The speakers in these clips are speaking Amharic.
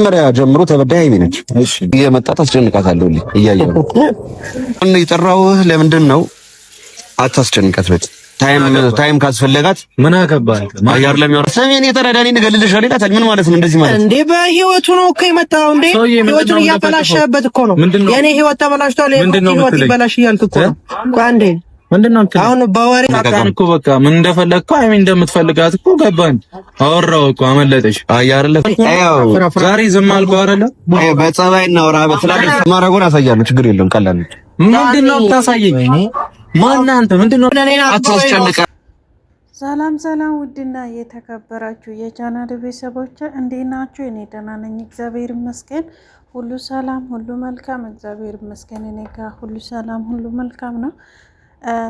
መጀመሪያ ጀምሮ ተበዳይ ሀይሚ ነች። እየመጣ ታስጨንቃታለሁ። እያየሁ ነው እና የጠራሁህ ለምንድን ነው? አታስጨንቃት። በቃ ታይም ካስፈለጋት ምን አገባህ? አያር ለሚወራ ሰሜን የተረዳኒ ንገልልሻል ይላታል። ምን ማለት ነው? እንደዚህ ማለት እንዴ? በህይወቱ ነው እኮ የመጣው እንዴ? ህይወቱን እያበላሸበት እኮ ነው። የኔ ህይወት ተበላሽቷል፣ ህይወት ይበላሽ እያልክ እኮ ነው። አንዴ ምንድነው አሁን በወሬ አቃን እኮ በቃ ምን እንደፈለግከው አይሚ እንደምትፈልጋት እኮ ገባን። አወራው እኮ አመለጠሽ። አይ አይደለ ዛሬ ዝም አልኩ አይደለ በጸባይ እናውራ። በትላልቅ ማረጉን አሳያለሁ። ችግር የለም ቀላል ነው። ምንድነው ታሳየኝ? ማን አንተ? ምንድነው አታስጨንቀ ሰላም ሰላም፣ ውድና የተከበራችሁ የቻናል ቤተሰቦች እንዴት ናችሁ? እኔ ደህና ነኝ፣ እግዚአብሔር ይመስገን። ሁሉ ሰላም፣ ሁሉ መልካም፣ እግዚአብሔር ይመስገን። እኔ ጋር ሁሉ ሰላም፣ ሁሉ መልካም ነው።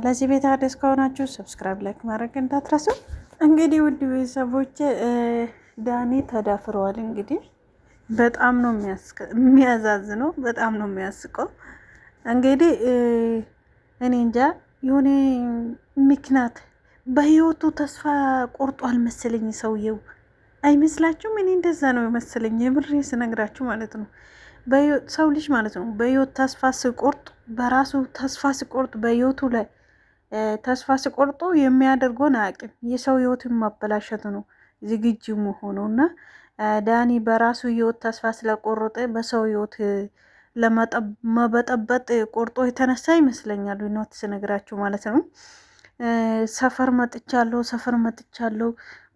ለዚህ ቤት አዲስ ከሆናችሁ ሰብስክራይብ፣ ላይክ ማድረግ እንዳትረሱ። እንግዲህ ውድ ቤተሰቦች ዳኒ ተዳፍረዋል። እንግዲህ በጣም ነው የሚያዛዝነው፣ በጣም ነው የሚያስቀው። እንግዲህ እኔ እንጃ የሆነ ምክንያት በህይወቱ ተስፋ ቆርጧል መሰለኝ ሰውየው። አይመስላችሁም? እኔ እንደዛ ነው የመሰለኝ የምሬ ስነግራችሁ ማለት ነው። ሰው ልጅ ማለት ነው በህይወት ተስፋ ስቆርጥ በራሱ ተስፋ ስቆርጥ በህይወቱ ላይ ተስፋ ስቆርጦ የሚያደርገውን አያውቅም። የሰው ህይወትን ማበላሸት ነው ዝግጅ መሆነው እና ዳኒ በራሱ ህይወት ተስፋ ስለቆረጠ በሰው ህይወት ለመበጠበጥ ቆርጦ የተነሳ ይመስለኛል። ኖት ስነግራችሁ ማለት ነው። ሰፈር መጥቻለሁ፣ ሰፈር መጥቻለሁ፣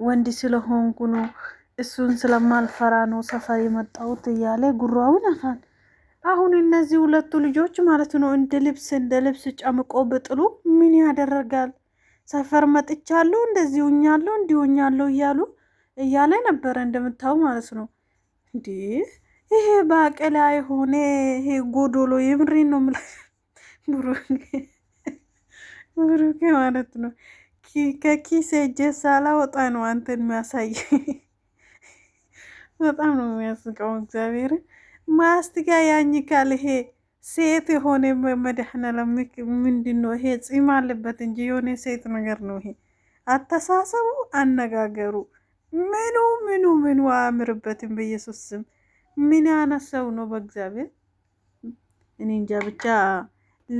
ወንድ ስለሆንኩ ነው እሱን ስለማልፈራ ነው ሰፈር የመጣሁት እያለ ጉራውን አፋን አሁን እነዚህ ሁለቱ ልጆች ማለት ነው እንደ ልብስ እንደ ልብስ ጨምቆ ብጥሉ ምን ያደረጋል? ሰፈር መጥቻለሁ እንደዚህ ሆኛለሁ እንዲህ ሆኛለሁ እያሉ እያለ ነበረ እንደምታው ማለት ነው። እንዲህ ይሄ ባቄላ የሆነ ይሄ ጎዶሎ የምሬ ነው ምላ ብሩኬ ማለት ነው ከኪሴ እጄ ሳላወጣ ነው አንተን የሚያሳይ በጣም ነው የሚያስቀው። እግዚአብሔር ማስቲጋ ያኝካል። ይሄ ሴት የሆነ መድኃኔዓለም ምንድን ነው ይሄ? ጺም አለበት እንጂ የሆነ ሴት ነገር ነው ይሄ። አተሳሰቡ፣ አነጋገሩ፣ ምኑ ምኑ ምኑ አያምርበትም። በኢየሱስ ስም ምን ያነሰው ነው? በእግዚአብሔር እኔ እንጃ ብቻ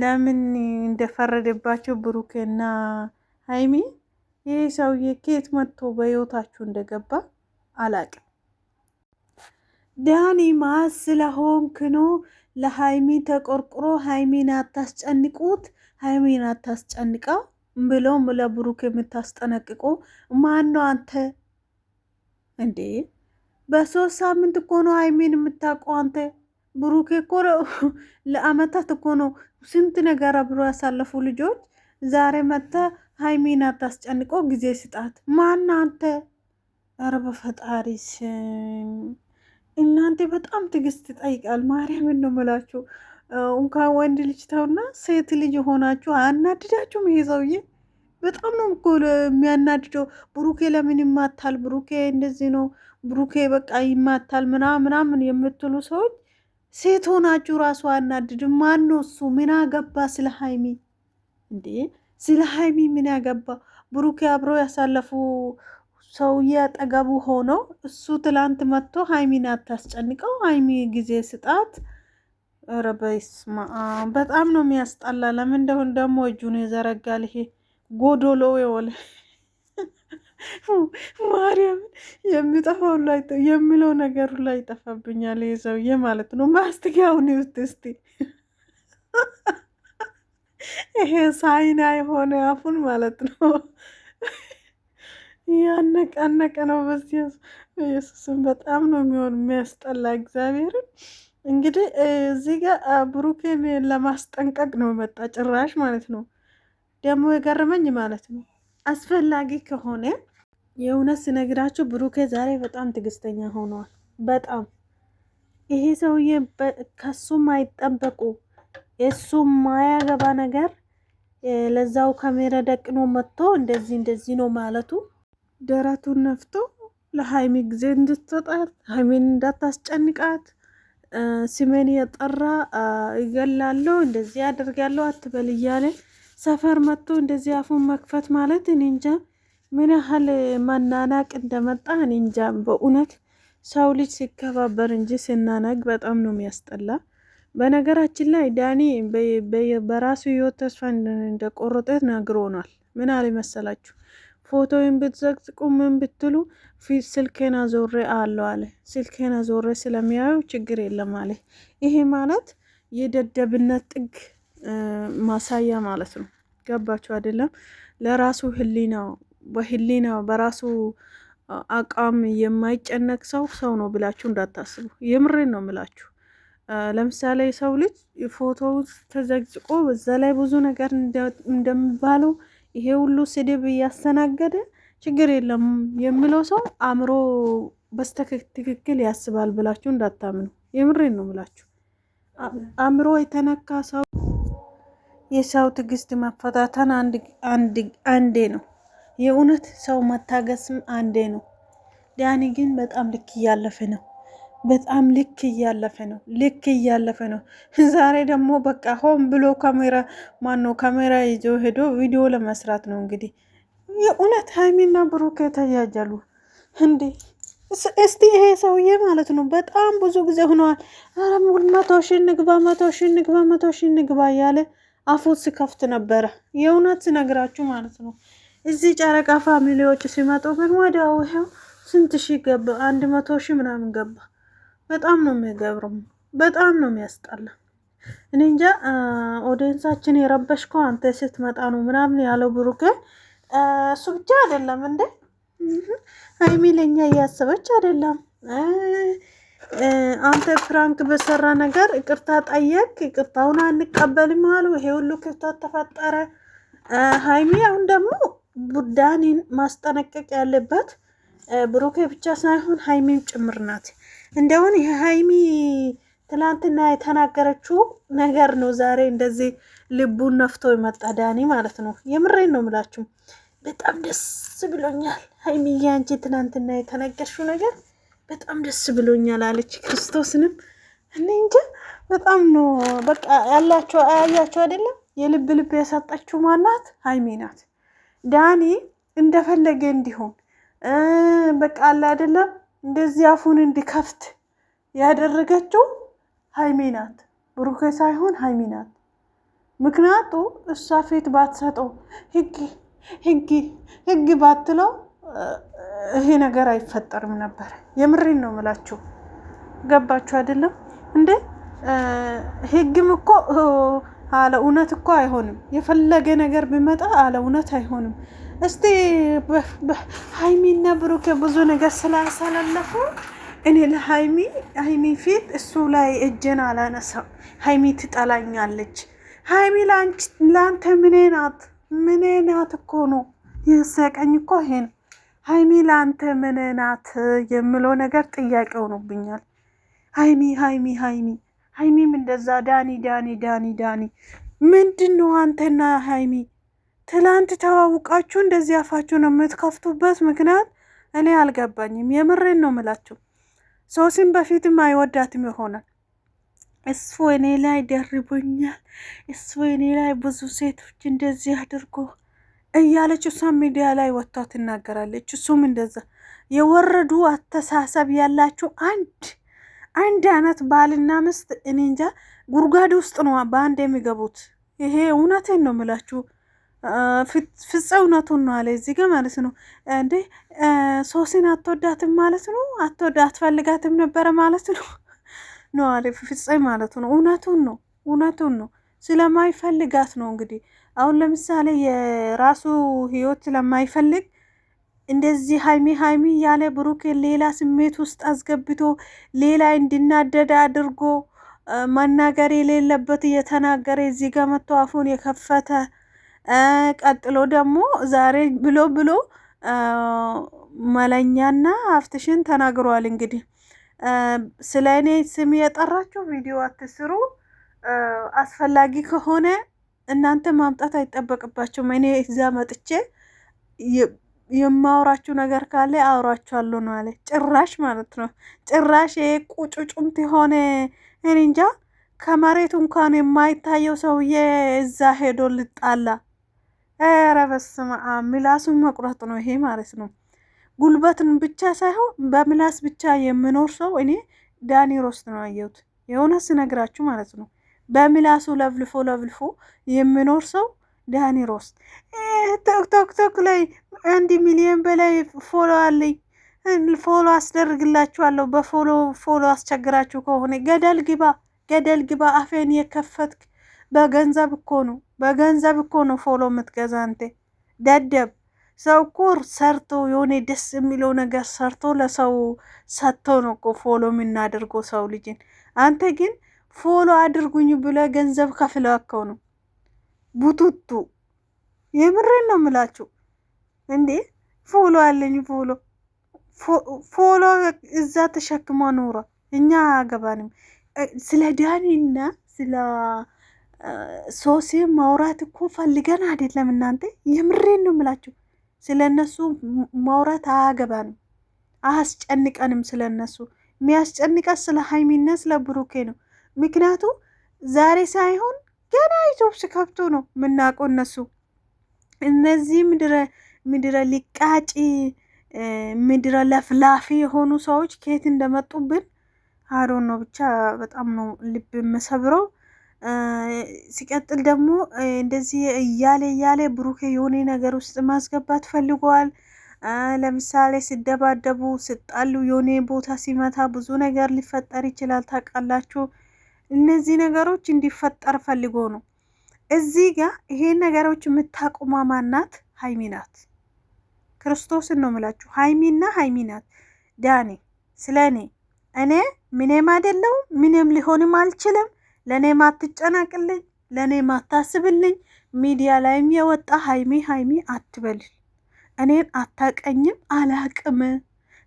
ለምን እንደፈረደባቸው ብሩኬና ሀይሚ። ይህ ሰውዬ ኬት መጥቶ በህይወታችሁ እንደገባ አላቅም። ዳኒ ማስ ስለሆንክ ነው ለሃይሚ ተቆርቁሮ ሃይሚን አታስጨንቁት፣ ሃይሚን አታስጨንቃ ብሎም ለብሩክ የምታስጠነቅቁ ማን ነው አንተ እንዴ? በሶስት ሳምንት እኮ ነው ሃይሚን የምታውቀው አንተ። ብሩክ እኮ ለአመታት እኮ ነው ስንት ነገር አብሮ ያሳለፉ ልጆች። ዛሬ መተ ሃይሚን አታስጨንቆ ጊዜ ስጣት። ማን አንተ? ኧረ በፈጣሪ ስም እናንተ በጣም ትዕግስት ይጠይቃል። ማርያም ነው የምላችሁ። እንኳን ወንድ ልጅ ተውና ሴት ልጅ ሆናችሁ አያናድዳችሁም? ይሄ ሰውዬ በጣም ነው እኮ የሚያናድደው። ብሩኬ ለምን ይማታል? ብሩኬ እንደዚህ ነው፣ ብሩኬ በቃ ይማታል ምናምን ምናምን የምትሉ ሰዎች ሴት ሆናችሁ ራሱ ማን ነው እሱ? ምን አገባ ስለ ሀይሚ እንዴ? ስለ ሀይሚ ምን ያገባ? ብሩኬ አብረው ያሳለፉ ሰውዬ አጠገቡ ሆኖ እሱ ትላንት መጥቶ ሀይሚን አታስጨንቀው፣ ሀይሚ ጊዜ ስጣት። ኧረ በስመ አብ በጣም ነው የሚያስጠላ። ለምን እንደሆነ ደግሞ እጁን ይዘረጋል። ይሄ ጎዶሎ የወለ ማርያም የሚጠፋው ላይ የሚለው ነገሩ ላይ ይጠፋብኛል። ይሄ ሰውዬ ማለት ነው። ማስትጊያውን ውስጥ እስቲ ይሄ ሳይና የሆነ አፉን ማለት ነው ያነቃነቀ ነው። በዚህ ኢየሱስን በጣም ነው የሚሆን የሚያስጠላ እግዚአብሔርን። እንግዲህ እዚህ ጋር ብሩኬን ለማስጠንቀቅ ነው መጣ ጭራሽ ማለት ነው። ደግሞ የገረመኝ ማለት ነው አስፈላጊ ከሆነ የእውነት ስነግራችሁ ብሩኬ ዛሬ በጣም ትግስተኛ ሆኗል። በጣም ይሄ ሰውዬ ከሱ አይጠበቁ የሱ ማያገባ ነገር ለዛው ካሜራ ደቅኖ መጥቶ እንደዚህ እንደዚህ ነው ማለቱ ደረቱን ነፍቶ ለሀይሚ ጊዜ እንድትሰጣት ሀይሚን እንዳታስጨንቃት ስሜን የጠራ ይገላለሁ እንደዚህ ያደርጋለሁ አትበል እያለ ሰፈር መጥቶ እንደዚህ አፉን መክፈት ማለት እኔ እንጃ ምን ያህል መናናቅ እንደመጣ እኔ እንጃ። በእውነት ሰው ልጅ ሲከባበር እንጂ ስናናቅ በጣም ነው የሚያስጠላ። በነገራችን ላይ ዳኒ በራሱ ህይወት ተስፋ እንደቆረጠ ነግሮናል። ምን አለ መሰላችሁ? ፎቶዬን ብትዘግጥ ቁምን ብትሉ ስልኬና ስልኬን አዞሬ አለው አለ። ስልኬን አዞሬ ስለሚያዩ ችግር የለም አለ። ይሄ ማለት የደደብነት ጥግ ማሳያ ማለት ነው። ገባችሁ አይደለም? ለራሱ ህሊናው በህሊናው በራሱ አቋም የማይጨነቅ ሰው ሰው ነው ብላችሁ እንዳታስቡ። የምሬን ነው ምላችሁ። ለምሳሌ ሰው ልጅ ፎቶው ተዘግዝቆ በዛ ላይ ብዙ ነገር እንደሚባለው ይሄ ሁሉ ስድብ እያስተናገደ ችግር የለም የሚለው ሰው አእምሮ በስተትክክል ያስባል ብላችሁ እንዳታምኑ። የምሬን ነው ብላችሁ አእምሮ የተነካ ሰው የሰው ትዕግስት መፈታተን አንዴ ነው። የእውነት ሰው መታገስም አንዴ ነው። ዳኒ ግን በጣም ልክ እያለፈ ነው። በጣም ልክ እያለፈ ነው፣ ልክ እያለፈ ነው። ዛሬ ደግሞ በቃ ሆን ብሎ ካሜራ ማነው ካሜራ ይዞ ሄዶ ቪዲዮ ለመስራት ነው። እንግዲህ የእውነት ሀይሚና ብሩክ ተያጃሉ እንዴ? እስቲ ይሄ ሰውዬ ማለት ነው በጣም ብዙ ጊዜ ሆነዋል። ኧረ መቶ ሺ ንግባ፣ መቶ ሺ ንግባ፣ መቶ ሺ ንግባ እያለ አፉት ስከፍት ነበረ። የእውነት ስነግራችሁ ማለት ነው እዚህ ጨረቃ ፋሚሊዎች ሲመጡ ግን ወዲያው ይሄው ስንት ሺ ገባ? አንድ መቶ ሺ ምናምን ገባ። በጣም ነው የሚገብርም፣ በጣም ነው የሚያስጠላ። እኔ እንጃ ኦዲየንሳችን የረበሽከው አንተ ስትመጣ ነው ምናምን ያለው ብሩኬ። እሱ ብቻ አይደለም እንዴ ሀይሚ ለኛ እያሰበች አይደለም። አንተ ፍራንክ በሰራ ነገር ይቅርታ ጠየቅ፣ ይቅርታውን አንቀበልም አሉ። ይሄ ሁሉ ክፍተት ተፈጠረ። ሀይሚ አሁን ደግሞ ቡዳኒን ማስጠነቀቅ ያለበት ብሩኬ ብቻ ሳይሆን ሀይሚም ጭምር ናት። እንደውን የሀይሚ ትላንትና የተናገረችው ነገር ነው ዛሬ እንደዚህ ልቡን ነፍቶ የመጣ ዳኒ ማለት ነው። የምሬን ነው ምላችሁ፣ በጣም ደስ ብሎኛል ሀይሚዬ፣ አንቺ ትናንትና የተናገርሽው ነገር በጣም ደስ ብሎኛል አለች። ክርስቶስንም እኔ እንጃ በጣም ነው በቃ ያላቸው አያያቸው አይደለም። የልብ ልብ የሰጠችው ማናት? ሀይሚ ናት። ዳኒ እንደፈለገ እንዲሆን በቃ አለ አይደለም እንደዚህ አፉን እንዲከፍት ያደረገችው ሀይሜ ናት፣ ብሩኬ ሳይሆን ሀይሜ ናት። ምክንያቱ እሷ ፊት ባትሰጠው ህግ ህግ ህግ ባትለው ይሄ ነገር አይፈጠርም ነበር። የምሬን ነው ምላችሁ። ገባችሁ አይደለም እንዴ? ህግም እኮ አለ እውነት እኮ አይሆንም። የፈለገ ነገር ቢመጣ አለ እውነት አይሆንም። እስቲ ሀይሚና ብሩኬ ብዙ ነገር ስላሳላለፉ እኔ ለሀይሚ ሀይሚ ፊት እሱ ላይ እጄን አላነሳም። ሀይሚ ትጠላኛለች። ሀይሚ ለአንተ ምኔ ናት? ምኔ ናት እኮ ነው የሰቀኝ እኮ ይሄን ሀይሚ ለአንተ ምኔ ናት የምለው ነገር ጥያቄ ሆኖብኛል። ሀይሚ ሀይሚ ሀይሚ ሀይሚም እንደዛ ዳኒ ዳኒ ዳኒ ዳኒ ምንድን ነው አንተና ሀይሚ ትላንት ተዋውቃችሁ እንደዚህ አፋችሁ ነው የምትከፍቱበት ምክንያት እኔ አልገባኝም። የምሬን ነው ምላችሁ። ሶሲም በፊትም አይወዳትም ይሆናል። እሱ እኔ ላይ ደርቦኛል፣ እሱ እኔ ላይ ብዙ ሴቶች እንደዚህ አድርጎ እያለች እሷም ሚዲያ ላይ ወጥታ ትናገራለች። እሱም እንደዛ የወረዱ አተሳሰብ ያላችሁ አንድ አንድ አይነት ባልና ምስት እኔ እንጃ ጉርጓድ ውስጥ ነው በአንድ የሚገቡት። ይሄ እውነቴን ነው ምላችሁ። ፍፄ እውነቱን ነው አለ እዚህ ጋር ማለት ነው። እንዴ ሶሲን አትወዳትም ማለት ነው፣ አትወዳ አትፈልጋትም ነበረ ማለት ነው ነው አለ ፍጸይ ማለት ነው። እውነቱን ነው፣ እውነቱን ነው። ስለማይፈልጋት ነው እንግዲህ አሁን ለምሳሌ የራሱ ህይወት ስለማይፈልግ እንደዚህ ሀይሚ ሀይሚ ያለ ብሩክ ሌላ ስሜት ውስጥ አስገብቶ ሌላ እንዲናደደ አድርጎ መናገር የሌለበት እየተናገረ እዚህ ጋር መጥቶ አፉን የከፈተ ቀጥሎ ደግሞ ዛሬ ብሎ ብሎ መለኛና አፍትሽን ተናግረዋል። እንግዲህ ስለ እኔ ስም የጠራችሁ ቪዲዮ አትስሩ። አስፈላጊ ከሆነ እናንተ ማምጣት አይጠበቅባችሁም። እኔ እዛ መጥቼ የማውራችሁ ነገር ካለ አውራችኋለሁ ነው አለ። ጭራሽ ማለት ነው ጭራሽ ቁጭጭምት የሆነ እኔ እንጃ ከመሬቱ እንኳን የማይታየው ሰውዬ እዛ ሄዶ ልጣላ ኧረ በስመ አብ ምላሱን መቁረጥ ነው ይሄ ማለት ነው። ጉልበትን ብቻ ሳይሆን በምላስ ብቻ የምኖር ሰው እኔ ዳኒ ሮስት ነው ያየሁት። የሆነ ስነግራችሁ ማለት ነው። በምላሱ ለብልፎ ለብልፎ የምኖር ሰው ዳኒ ሮስት። ቶክቶክ ላይ አንድ ሚሊዮን በላይ ፎሎ አለኝ ፎሎ አስደርግላችኋለሁ። በፎሎ ፎሎ አስቸግራችሁ ከሆነ ገደል ግባ፣ ገደል ግባ። አፌን የከፈትክ በገንዘብ እኮ ነው በገንዘብ እኮ ነው ፎሎ የምትገዛ አንተ ደደብ ሰው እኮ ሰርቶ የሆነ ደስ የሚለው ነገር ሰርቶ ለሰው ሰጥቶ ነው እኮ ፎሎ የምናደርገው ሰው ልጅን። አንተ ግን ፎሎ አድርጉኝ ብለ ገንዘብ ከፍለከው ነው ቡቱቱ። የምሬን ነው ምላችሁ እንዴ ፎሎ አለኝ ፎሎ ፎሎ እዛ ተሸክሞ ኖሯ እኛ አገባንም ስለ ዳኒና ስለ ሶሴ ማውራት እኮ ፈልገን አይደለም እናንተ፣ የምሬን ነው የምላችሁ። ስለ እነሱ ማውራት አያገባንም፣ አያስጨንቀንም። ስለ እነሱ የሚያስጨንቀን ስለ ሀይሚና ስለ ብሩኬ ነው። ምክንያቱ ዛሬ ሳይሆን ገና ኢትዮፕስ ከብቶ ነው የምናውቀው እነሱ እነዚህ ምድረ ሊቃጭ ምድረ ለፍላፊ የሆኑ ሰዎች ከየት እንደመጡብን አሮን ነው ብቻ። በጣም ነው ልብ የምሰብረው። ሲቀጥል ደግሞ እንደዚህ እያለ እያለ ብሩኬ የሆነ ነገር ውስጥ ማስገባት ፈልጓል። ለምሳሌ ሲደባደቡ፣ ስጣሉ የሆነ ቦታ ሲመታ ብዙ ነገር ሊፈጠር ይችላል። ታውቃላችሁ፣ እነዚህ ነገሮች እንዲፈጠር ፈልጎ ነው። እዚህ ጋ ይሄን ነገሮች የምታቁማ ማናት? ሀይሚ ናት። ክርስቶስን ነው ምላችሁ። ሀይሚና ሀይሚ ናት። ዳኔ ስለ እኔ እኔ ምንም አይደለሁም ምንም ሊሆንም አልችልም ለእኔ ማትጨናቅልኝ፣ ለእኔ ማታስብልኝ፣ ሚዲያ ላይም የወጣ ሀይሚ ሀይሚ አትበልል። እኔን አታቀኝም፣ አላቅም፣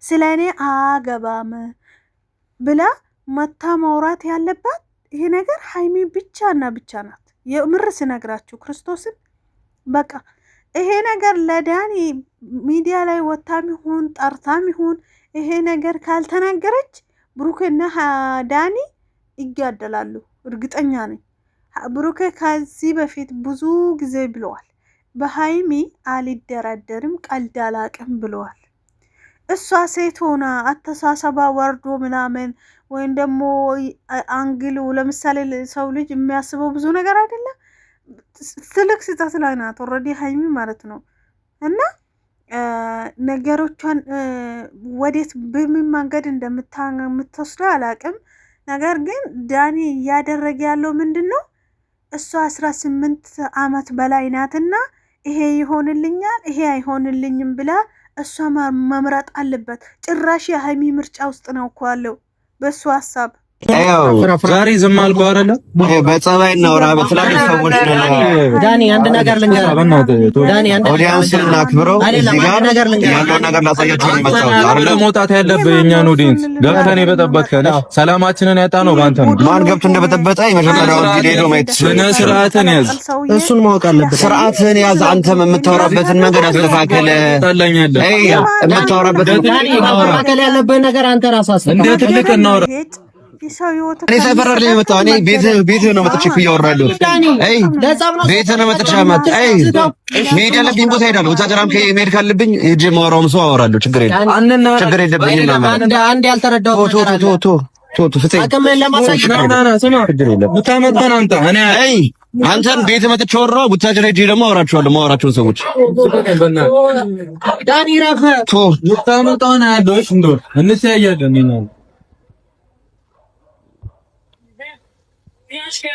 ስለ እኔ አገባም ብላ መታ መውራት ያለባት ይሄ ነገር ሀይሚ ብቻና ብቻ ናት። የምር ስነግራችሁ ክርስቶስን በቃ ይሄ ነገር ለዳኒ ሚዲያ ላይ ወታም ይሁን ጠርታም ይሁን ይሄ ነገር ካልተናገረች ብሩክና ዳኒ ይጋደላሉ። እርግጠኛ ነኝ። ብሩኬ ከዚህ በፊት ብዙ ጊዜ ብለዋል፣ በሀይሚ አልደራደርም፣ ቀልድ አላቅም ብለዋል። እሷ ሴት ሆና አተሳሰባ ወርዶ ምናምን ወይም ደግሞ አንግሉ ለምሳሌ ሰው ልጅ የሚያስበው ብዙ ነገር አይደለም። ትልቅ ስህተት ላይ ናት ኦልሬዲ ሀይሚ ማለት ነው። እና ነገሮቿን ወዴት በምን መንገድ እንደምትወስደው አላቅም። ነገር ግን ዳኒ እያደረገ ያለው ምንድን ነው? እሷ አስራ ስምንት አመት በላይ ናትና ይሄ ይሆንልኛል፣ ይሄ አይሆንልኝም ብላ እሷ መምረጥ አለበት። ጭራሽ የሀይሚ ምርጫ ውስጥ ነው እኮ አለው በእሱ ሀሳብ ዛሬ ዝም አልኩህ አይደለ? በጸባይ እናውራ። በትላልቅ ሰዎች ዳኒ፣ አንድ ነገር ልንገርህ። ኦዲየንስን አክብረው ያለውን መውጣት ያለብህ የእኛን ኦዲየንስ ገብተን የበጠበጥከን ሰላማችንን ያጣ ነው በአንተ ነው። ማን ገብቶ እንደበጠበጠ የመጀመሪያውን ቪዲዮ ማየት ስነ ስርዓትን ያዝ። እሱን ማወቅ አለብህ። ስርዓትን ያዝ። አንተም የምታወራበትን መንገድ አስተካከል። የምታወራበት ነገር አንተ ራስህ እንደ ትልቅ እናውራ ሰፈር ላይ መጣሁ እኔ ቤት ነው መጥቼ እኮ እያወራለሁ። ቤት ነው መጥቼ መሄድ ያለብኝ ቦታ እሄዳለሁ። ወታደራም መሄድ ካለብኝ ሄጄ የማወራውም ሰው አወራለሁ። ችግር የለም ችግር የለብኝም። አንተን ቤት መጥቼ ወራ ቡታጅራ ሄጄ ደግሞ አወራቸዋለሁ። ማወራቸውን ሰዎች ዳኒ Eu acho